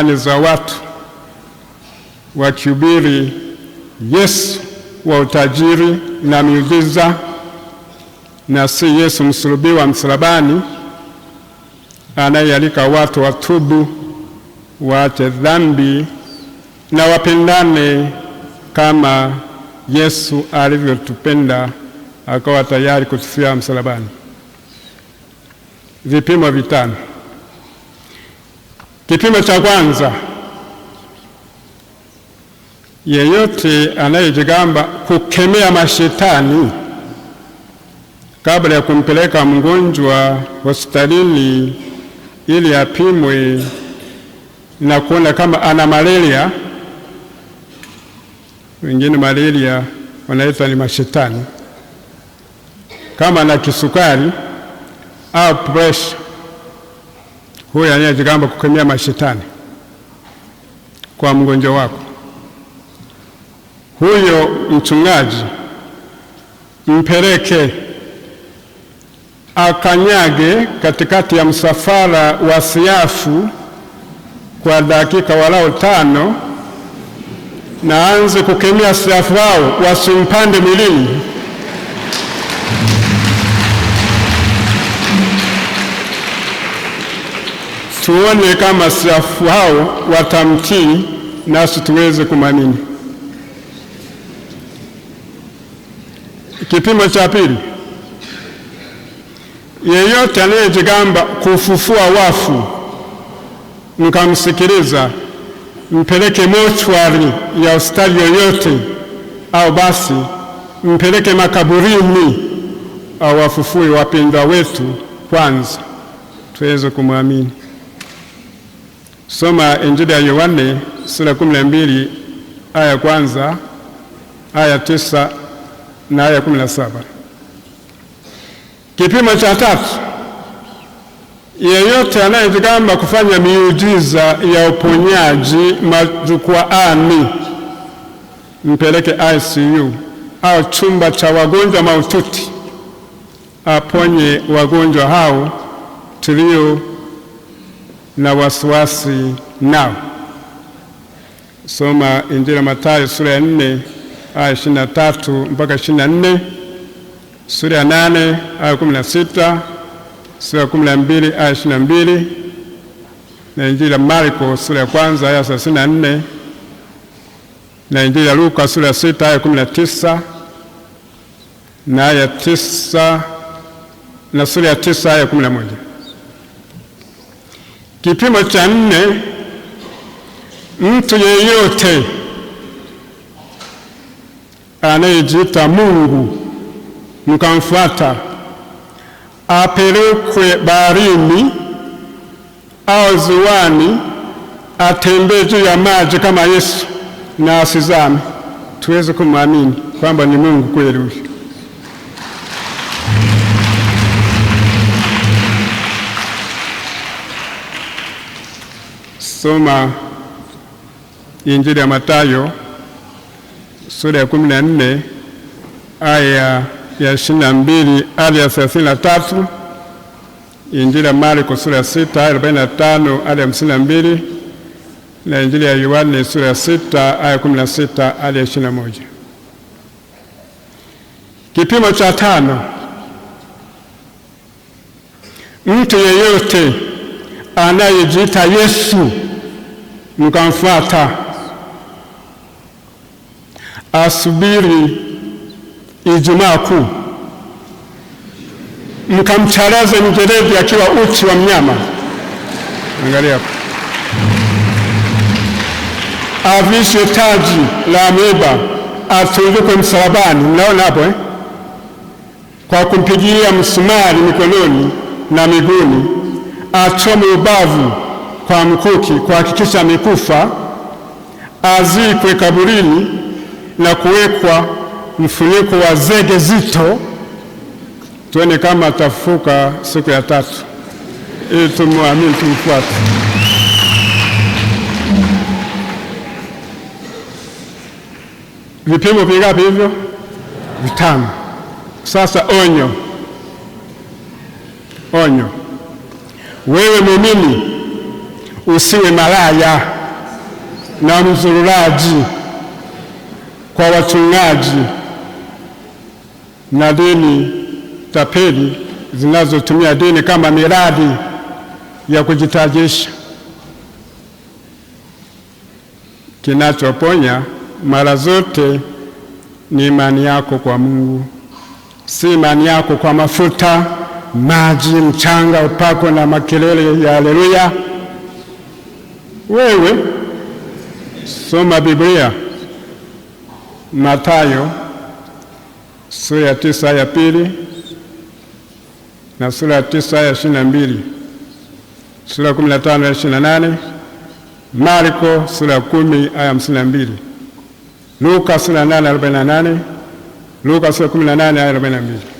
imani za watu wakihubiri Yesu wa utajiri na miujiza na si Yesu msulubiwa msalabani anayealika watu watubu, waache dhambi na wapendane kama Yesu alivyotupenda akawa tayari kutufia msalabani. Vipimo vitano. Kipimo cha kwanza, yeyote anayejigamba kukemea mashetani kabla ya kumpeleka mgonjwa hospitalini ili apimwe na kuona kama ana malaria. Wengine malaria wanaita ni mashetani, kama ana kisukari au pressure huyo anayejigamba kukemea mashetani kwa mgonjwa wako, huyo mchungaji mpeleke akanyage katikati ya msafara wa siafu kwa dakika walao tano, na anze kukemea siafu wao wasimpande milini. tuone kama salafu hao watamtii nasi tuweze kumwamini. Kipimo cha pili, yeyote anayejigamba kufufua wafu mkamsikiliza mpeleke mochwari ya hospitali yoyote, au basi mpeleke makaburini, au wafufui wapendwa wetu kwanza tuweze kumwamini. Soma Injili ya Yohane sura ya kumi na mbili aya ya kwanza aya tisa na aya kumi na saba. Kipimo cha tatu, yeyote anayejigamba kufanya miujiza ya uponyaji majukwaani, mpeleke ICU au chumba cha wagonjwa mahututi, aponye wagonjwa hao tulio na wasiwasi nao. Soma Injili ya Mathayo sura ya nne aya 23 na tatu mpaka 24, na nne sura ya nane aya kumi na sita sura ya kumi na mbili aya 22, na mbili na Injili ya Marko sura ya kwanza aya 34, na nne na Injili ya Luka sura ya sita aya kumi na tisa na aya 9 na sura ya tisa aya kumi na moja. Kipimo cha nne, mtu yeyote anayejiita Mungu mkamfuata apelekwe baharini au ziwani, atembee juu ya maji kama Yesu, na asizame, tuweze kumwamini kwamba ni Mungu kweli. Soma Injili ya Mathayo sura ya kumi na nne aya ya ishirini na mbili hadi ya thelathini na tatu Injili ya Marko sura ya sita aya arobaini na tano hadi ya hamsini na mbili na Injili ya Yohane sura ya sita aya kumi na sita hadi ya ishirini na moja Kipimo cha tano: mtu yeyote anayejiita Yesu mkamfata, asubiri Ijumaa Kuu, mkamcharaze mjeledi akiwa uchi wa mnyama. Angalia hapo, avishwe taji la meba atundikwe msalabani. Mnaona hapo eh? kwa kumpigilia msumari mikononi na miguuni, achome ubavu kwa mkuki kuhakikisha amekufa, azikwe kaburini na kuwekwa mfuniko wa zege zito, tuone kama tafuka siku ya tatu, ili tumwamini, tumfuate. Vipimo vingapi hivyo? Vitano. Sasa onyo, onyo wewe muumini usiwe malaya na mzururaji kwa wachungaji na dini tapeli zinazotumia dini kama miradi ya kujitajisha. Kinachoponya mara zote ni imani yako kwa Mungu, si imani yako kwa mafuta, maji, mchanga, upako na makelele ya haleluya. Wewe soma Biblia, Mathayo sura ya tisa ya pili na sura ya tisa ya ishirini na mbili sura ya kumi na tano ya ishirini na nane Marko sura ya kumi aya hamsini na mbili Luka sura ya nane arobaini na nane Luka sura ya kumi na nane aya arobaini na mbili